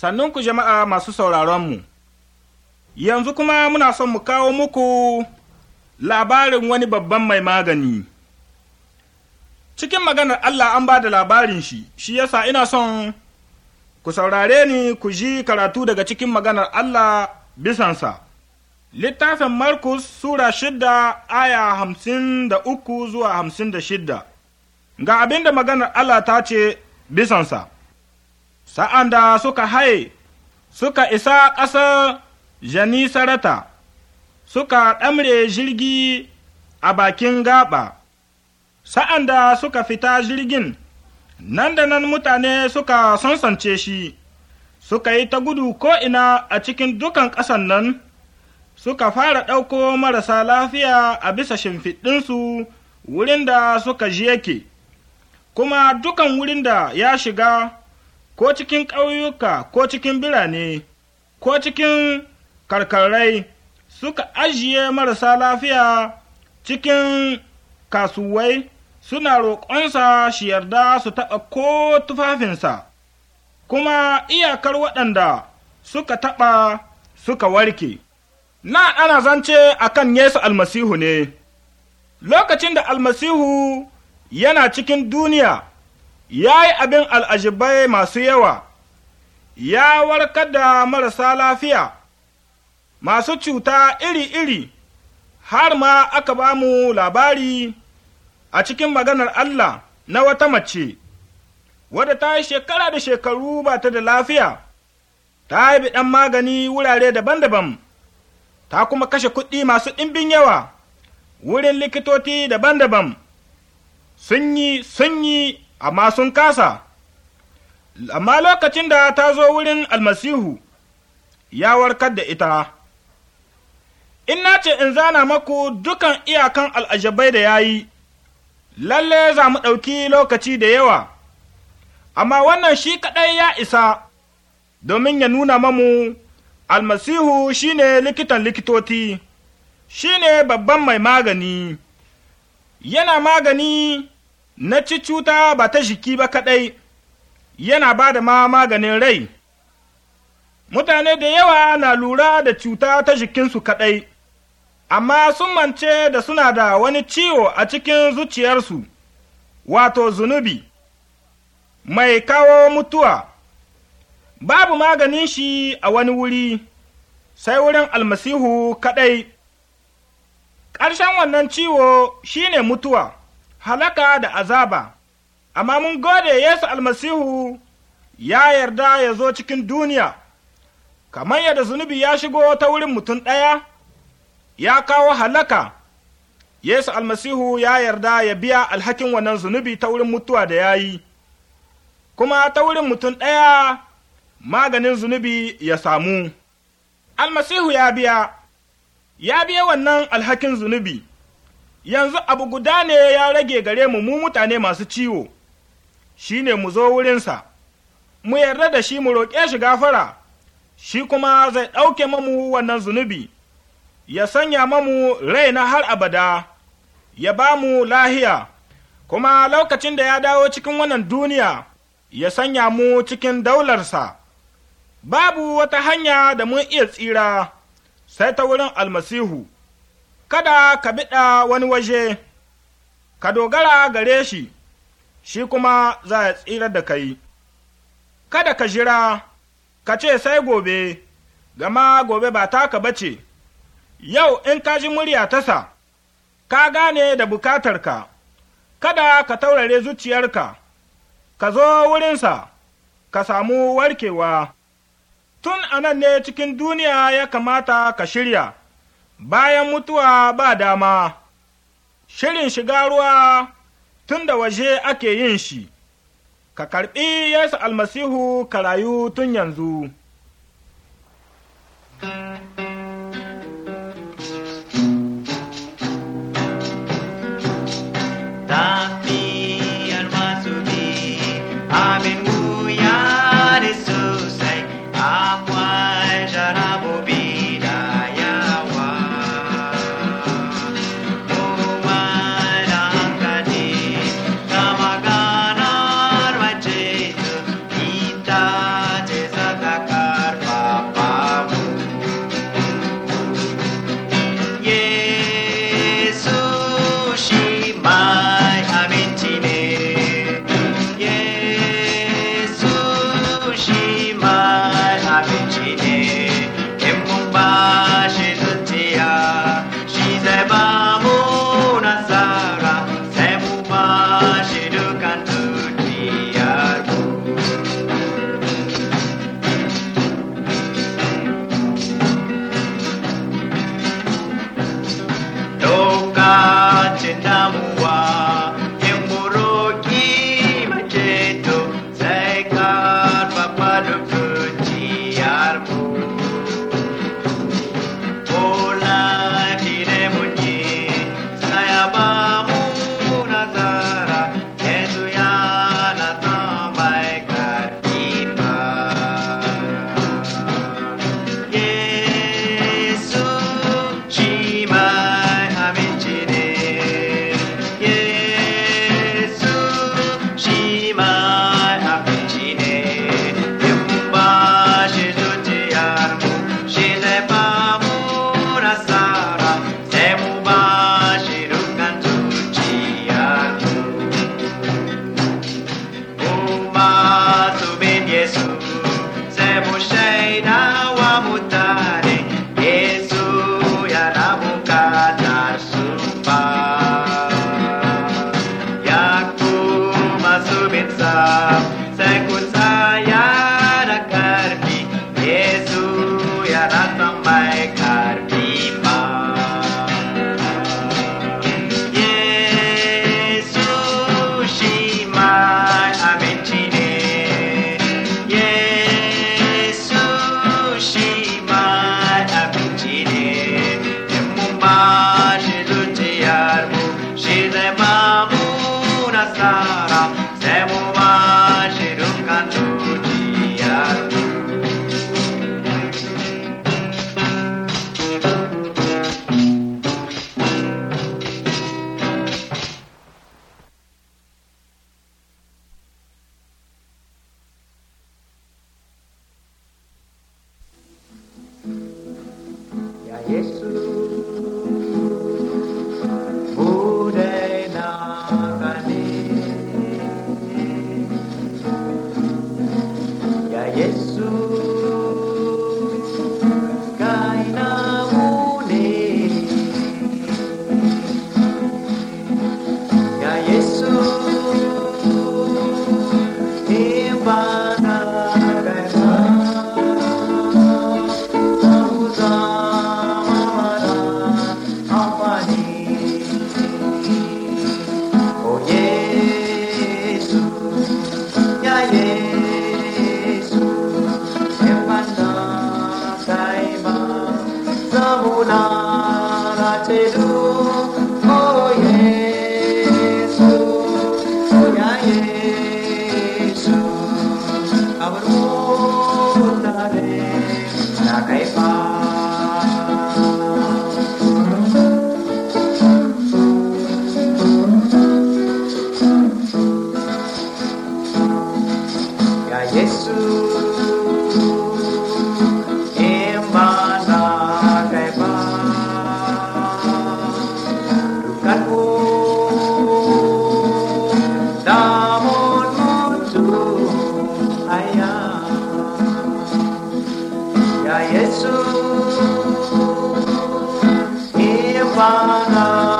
sannunku jama'a masu sauraronmu, yanzu kuma muna son mu kawo muku labarin wani babban mai magani. Cikin maganar Allah an ba da labarin shi, shi yasa ina son ku saurare ni ku ji karatu daga cikin maganar Allah bisansa. Littafin Markus Sura shidda aya hamsin da uku zuwa hamsin da shidda, ga abin da maganar Allah ta ce bisansa. sa'an da suka haye, suka isa ƙasar jani sarata suka ɗamre jirgi a bakin gaɓa, sa'an da suka fita jirgin, nan da nan mutane suka sansance shi, suka yi ta gudu ko'ina a cikin dukan ƙasan nan, suka fara ɗauko marasa lafiya a bisa shimfiɗinsu wurin da suka ji yake, kuma dukan wurin da ya shiga. ko cikin ƙauyuka ko cikin birane, ko cikin karkarai suka ajiye marasa lafiya cikin kasuwai suna roƙonsa shi yarda su taɓa ko tufafinsa, kuma iyakar waɗanda suka taɓa suka warke. Na ana zance a kan Yesu almasihu ne, lokacin da almasihu yana cikin duniya. ya yi abin al'ajibai masu yawa, ya warka da marasa lafiya, masu cuta iri-iri, har ma aka ba mu labari a cikin maganar Allah na wata mace, wadda ta yi shekara da shekaru ba ta da lafiya, ta yi ɗan magani wurare daban-daban, ta kuma kashe kuɗi masu ɗimbin yawa, wurin likitoti daban-daban, sun yi, sun yi. amma sun kasa. Amma lokacin da ta zo wurin almasihu, ya warkar da ita. In na ce in zana maku dukan iyakan al'ajabai da ya yi, lalle za mu ɗauki lokaci da yawa, amma wannan shi kaɗai ya isa domin ya nuna mamu almasihu shi ne likitan likitoti, shi ne babban mai magani, yana magani na ci cuta ba ta jiki ba kaɗai, yana ba da ma maganin rai. Mutane da yawa na lura da cuta ta jikinsu kaɗai, amma sun mance da suna da wani ciwo a cikin zuciyarsu, wato zunubi, mai kawo mutuwa. Babu maganin shi a wani wuri, sai wurin almasihu kaɗai. Ƙarshen wannan ciwo shine ne mutuwa. halaka da azaba, amma mun gode Yesu almasihu ya yarda ya zo cikin duniya, kamar yadda zunubi ya shigo ta wurin mutum ɗaya, ya kawo halaka. Yesu almasihu ya yarda ya biya alhakin wannan zunubi ta wurin mutuwa da ya yi, kuma ta wurin mutum ɗaya maganin zunubi ya samu. Almasihu ya biya, ya biya wannan alhakin zunubi. yanzu abu guda ne ya rage gare mu mu mutane masu ciwo, shi ne mu zo wurinsa, mu yarda da shi mu roƙe shi gafara, shi kuma zai ɗauke mamu wannan zunubi, ya sanya mamu na har abada, ya ba mu lahiya, kuma lokacin da ya dawo cikin wannan duniya, ya sanya mu cikin daularsa. Babu wata hanya da mun iya tsira, sai ta wurin almasihu. kada ka biɗa wani waje, ka dogara gare shi, shi kuma za ya tsira da kai. Kada ka jira, ka ce sai gobe, gama gobe ba taka ba ce, yau in ka ji murya tasa, ka gane da bukatarka, kada ka taurare zuciyarka, ka zo wurinsa, ka samu warkewa. Tun anan ne cikin duniya ya kamata ka shirya. bayan mutuwa ba dama, shirin shiga ruwa tun da waje ake yin shi, ka karɓi Yesu almasihu ka rayu tun yanzu. Ta ¡Hola! Ramana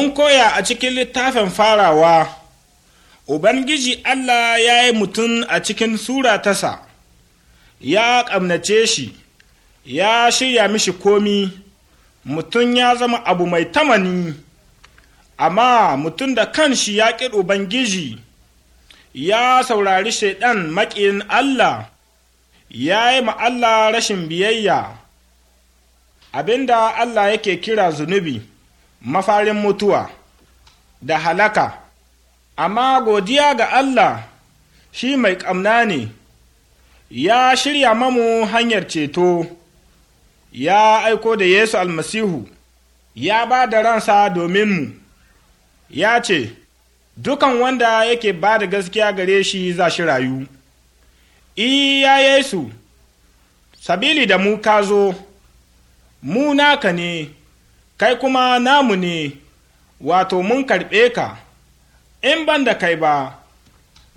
mun koya a cikin littafin farawa ubangiji allah ya yi mutum a cikin sura tasa ya ƙamnace shi ya shirya mishi komi mutum ya zama abu mai tamani amma mutum da kanshi ya ƙi ubangiji ya saurari shaiɗan maƙin allah ya yi ma allah rashin biyayya abinda allah yake kira zunubi mafarin mutuwa da halaka amma godiya ga Allah shi mai ƙamna ne ya shirya mamu hanyar ceto ya aiko da Yesu almasihu ya ba da ransa mu. ya ce dukan wanda yake ba da gaskiya gare shi za shi rayu iya Yesu sabili da mu ka zo mu naka ne kai kuma namu ne, wato mun karɓe ka, in ban da kai ba,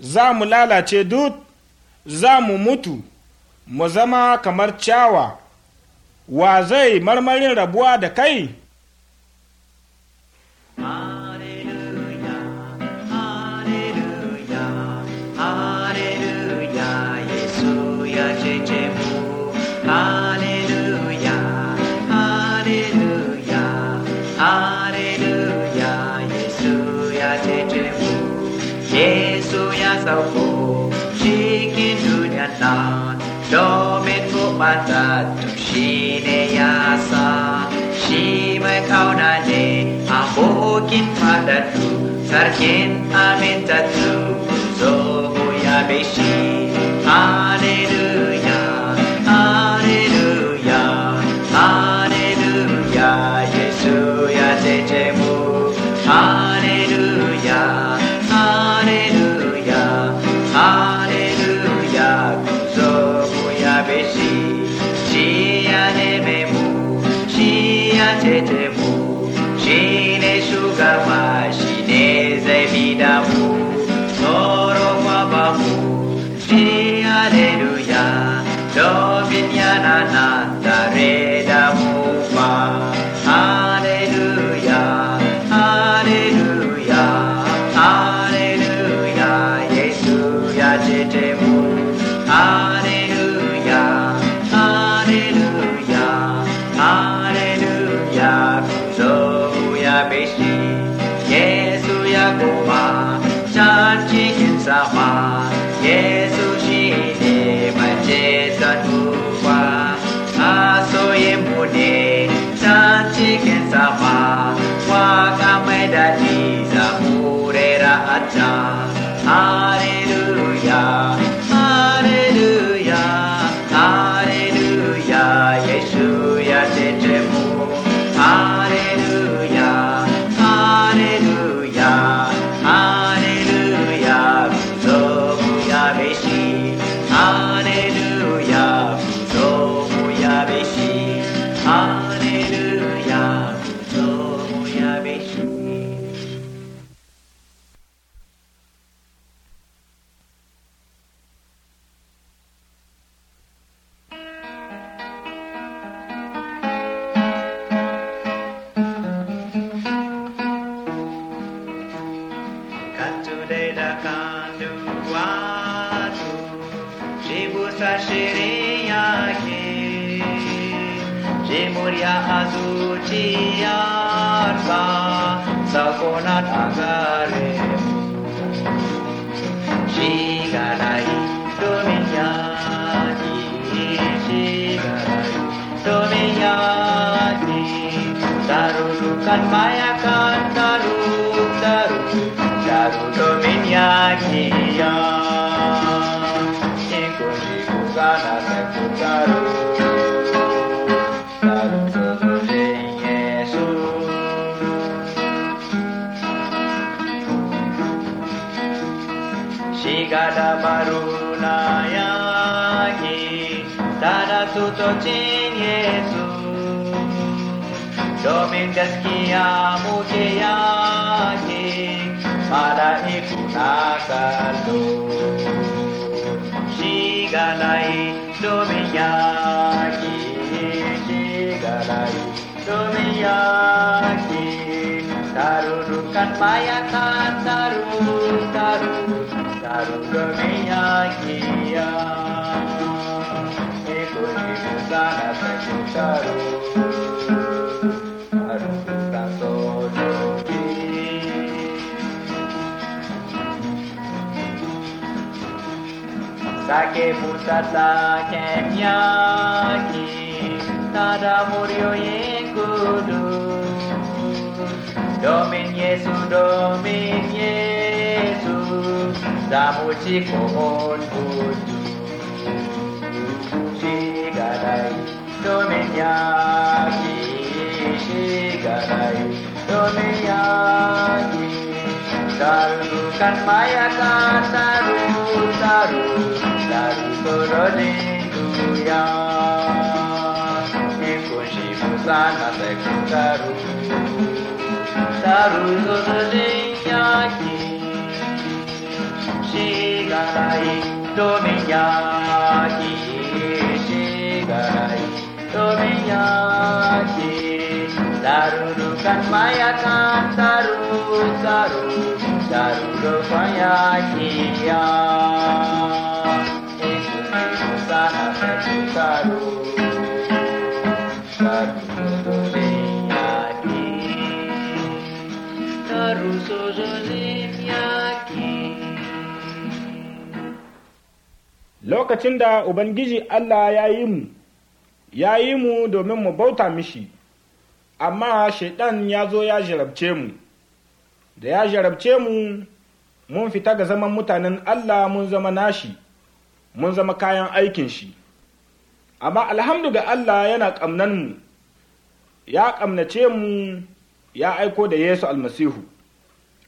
za mu lalace duk, za mu mutu, mu zama kamar ciyawa, wa zai marmarin rabuwa da kai?' so ya sauko cikin duniya na domin bukata to shi ne ya sa shi mai kauna ne abokin fadatu sarkin amintattu zo ya bishi not? মায়া কান্দারু Tara Tuto Chin Yesu domin gaskiya muke yaki mala'iku na kallo shi galayi domin yaki shi galayi domin yaki tarurrukan mayakan taru taru taru domin yaki ya Ikut ibu sana taru Sake pusata kemyaki Tada murio yekudu Domin Yesu, Domin Yesu Samu chiko on kudu Shigarai Domin yaki Shigarai Domin yaki Sarukan maya kata Saru, saru Hallelujah. Ikunji musana sekutaru. Taru zododeyaki. Shigarai domiyaki. Shigarai domiyaki. Taru rukan mayakan taru taru. Taru rupayaki ya. Lokacin da Ubangiji Allah ya yi mu, ya yi mu domin mu bauta mishi, amma Shaiɗan ya zo ya jarabce mu, da ya jarabce mu mun fita ga zaman mutanen Allah mun zama nashi, mun zama kayan aikin shi. amma alhamdu ga Allah yana ƙamnan mu ya ƙamnace mu ya aiko da Yesu almasihu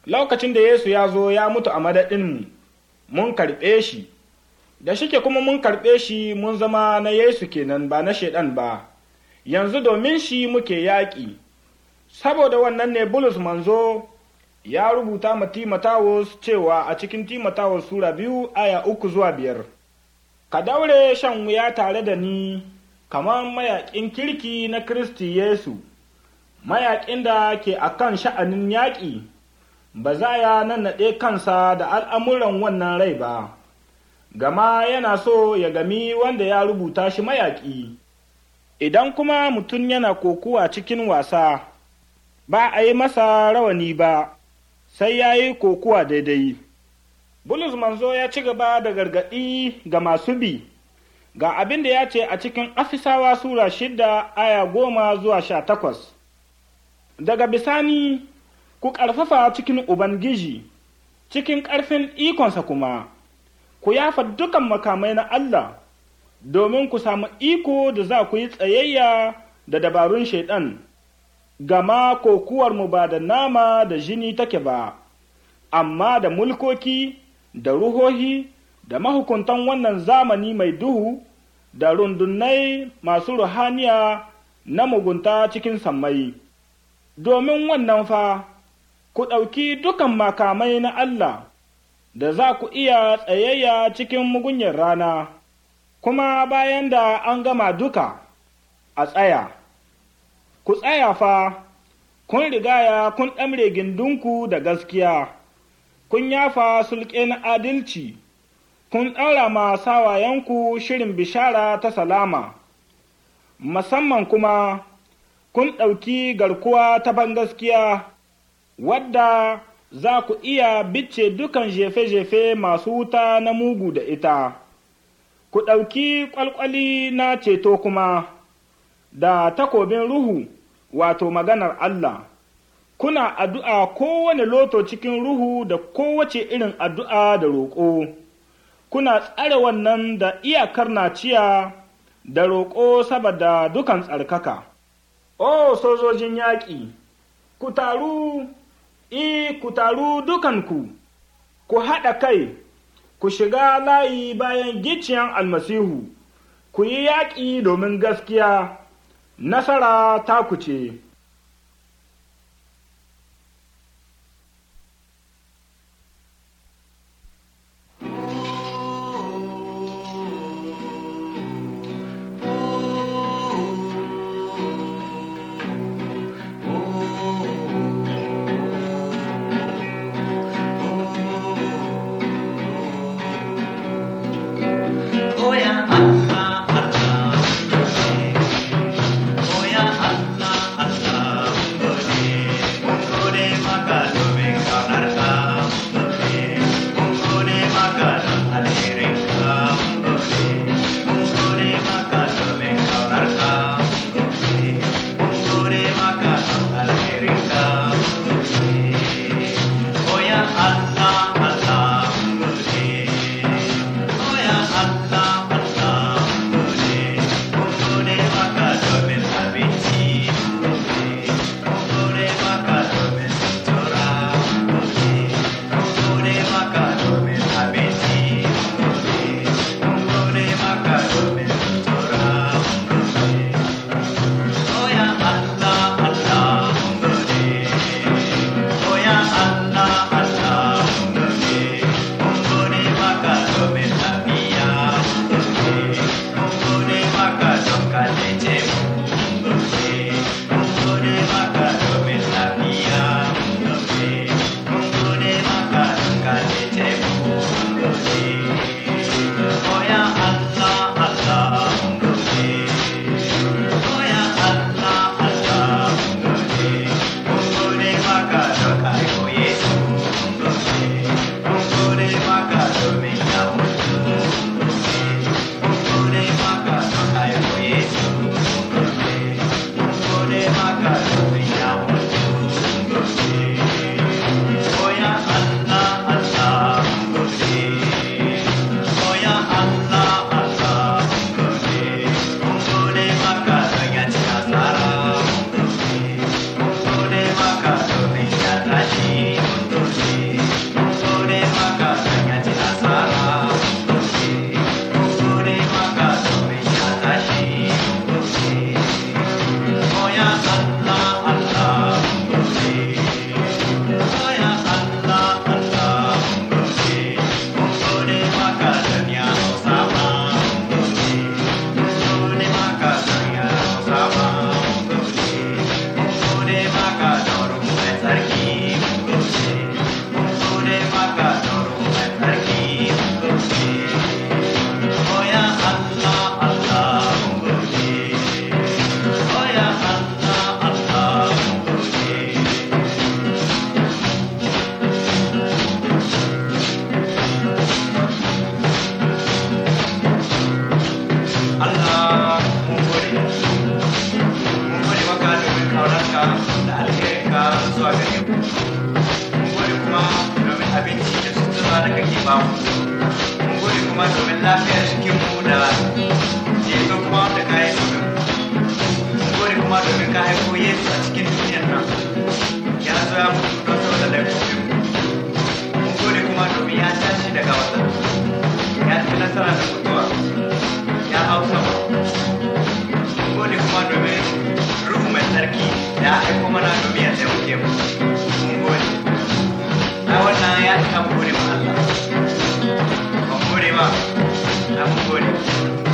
lokacin da Yesu ya zo ya mutu a madadin mu mun karɓe shi da shike kuma mun karɓe shi mun zama na Yesu kenan ba na shaidan ba yanzu domin shi muke yaƙi saboda wannan ne bulus manzo ya rubuta ma timotawus cewa a cikin timotawus sura biyu aya uku zuwa biyar ka daure shan wuya tare da ni kamar mayaƙin kirki na Kiristi Yesu, mayaƙin da ke a kan sha'anin yaƙi, ba za ya nannaɗe kansa da al'amuran wannan rai ba, gama yana so ya gami wanda ya rubuta shi mayaƙi. Idan kuma mutum yana kokuwa cikin wasa, ba a yi masa rawani ba, sai ya yi kokuwa daidai. Bulus manzo ya ci gaba da gargaɗi ga masu bi, ga abin da ya ce a cikin Afisawa Sura shida aya goma zuwa sha takwas. Daga bisani, ku ƙarfafa cikin Ubangiji, cikin ƙarfin ikonsa kuma, ku yafa dukan makamai na Allah, domin ku samu iko da za ku yi tsayayya da dabarun Shaiɗan, gama mu ba da nama da jini take ba, amma da mulkoki. da ruhohi da mahukuntan wannan zamani mai duhu da rundunai masu ruhaniya na mugunta cikin sammai. Domin wannan fa, ku ɗauki dukan makamai na Allah da za ku iya tsayayya cikin mugunyar rana, kuma bayan da an gama duka a tsaya. Ku tsaya fa, kun rigaya kun ɗamre gindunku da gaskiya. kun yafa sulƙe na adalci, kun ɗaura sawayenku shirin bishara ta salama, musamman kuma kun ɗauki garkuwa ta bangaskiya wadda za ku iya bice dukan jefe-jefe masu wuta na mugu da ita, ku ɗauki ƙwalƙwali na ceto kuma da takobin ruhu wato maganar Allah. kuna addu'a kowane loto cikin ruhu da kowace irin addu'a da roƙo, kuna tsare wannan da iyakar naciya da roƙo saboda dukan tsarkaka. O sojojin yaƙi, ku taru, i ku taru dukanku, ku haɗa kai, ku shiga layi bayan gicciyan almasihu, ku yi yaƙi domin gaskiya, nasara ta ku ce. kuma domin ka haifo yesu a cikin duniyar nan ya zo ya mutu don saboda laifofin mun kuma domin ya tashi daga matattu ya ci nasara da mutuwa ya hau sama mun kuma domin ruhu mai tsarki ya aiko mana domin ya taimake mu mun gode ya ta gode ma Allah mun gode ma na mun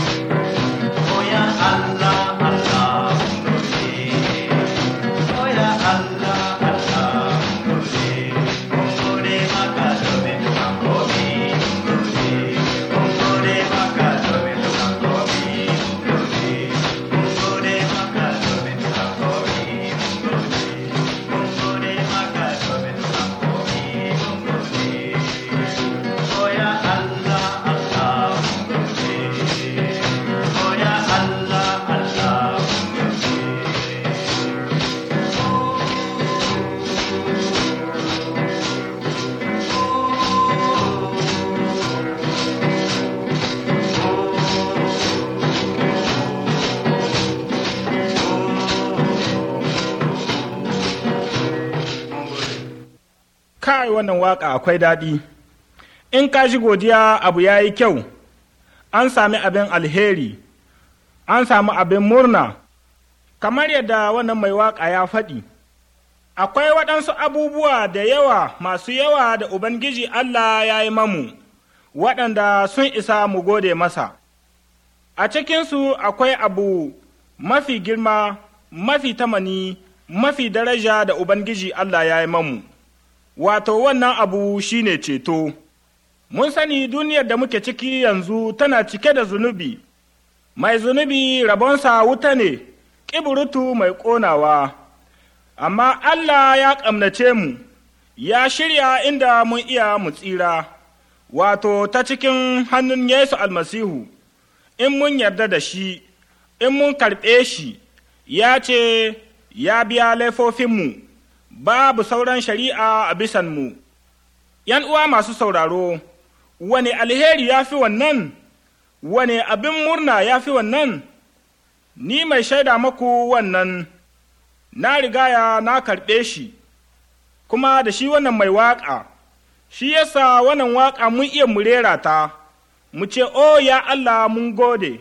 wannan waƙa akwai daɗi in ka ji godiya abu ya yi kyau an sami abin alheri an sami abin murna kamar yadda wannan mai waka ya faɗi akwai waɗansu abubuwa da yawa masu yawa da ubangiji allah ya yi mamu waɗanda sun isa mu gode masa a cikinsu akwai abu mafi girma mafi tamani mafi daraja da ubangiji allah ya yi mamu wato wannan abu shine ceto. Mun sani duniyar da muke ciki yanzu tana cike da zunubi, mai zunubi rabonsa wuta ne, ƙiburutu mai ƙonawa, amma Allah ya ƙamnace mu, ya shirya inda mun iya mu tsira, wato ta cikin hannun Yesu almasihu, in mun yarda da shi, in mun karɓe shi, ya ce, ya biya laifofinmu. babu sauran shari'a a bisanmu. ’Yan uwa masu sauraro, wane alheri ya fi wannan, wane abin murna ya fi wannan, ni mai shaida maku wannan, na rigaya na karɓe shi, kuma da shi wannan mai waƙa, shi yasa wannan waƙa mun iya murera ta, mu ce, O ya Allah mun gode,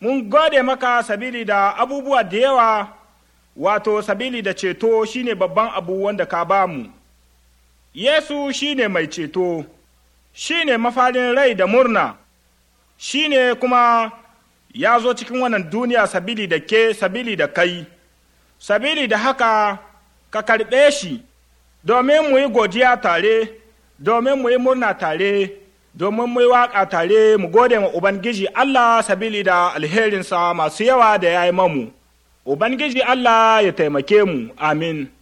mun gode maka sabili da abubuwa da yawa. wato sabili da ceto shine babban abu wanda ka ba mu. Yesu shine mai ceto, shine mafarin rai da murna, shine kuma ya zo cikin wannan duniya sabili da ke sabili da kai, sabili da haka ka karɓe shi, domin mu yi godiya tare, domin mu yi murna tare, domin mu yi waƙa tare mu gode ma Ubangiji Allah sabili da alherinsa masu yawa da ya yi mamu. Ubangiji Allah ya taimake mu, amin.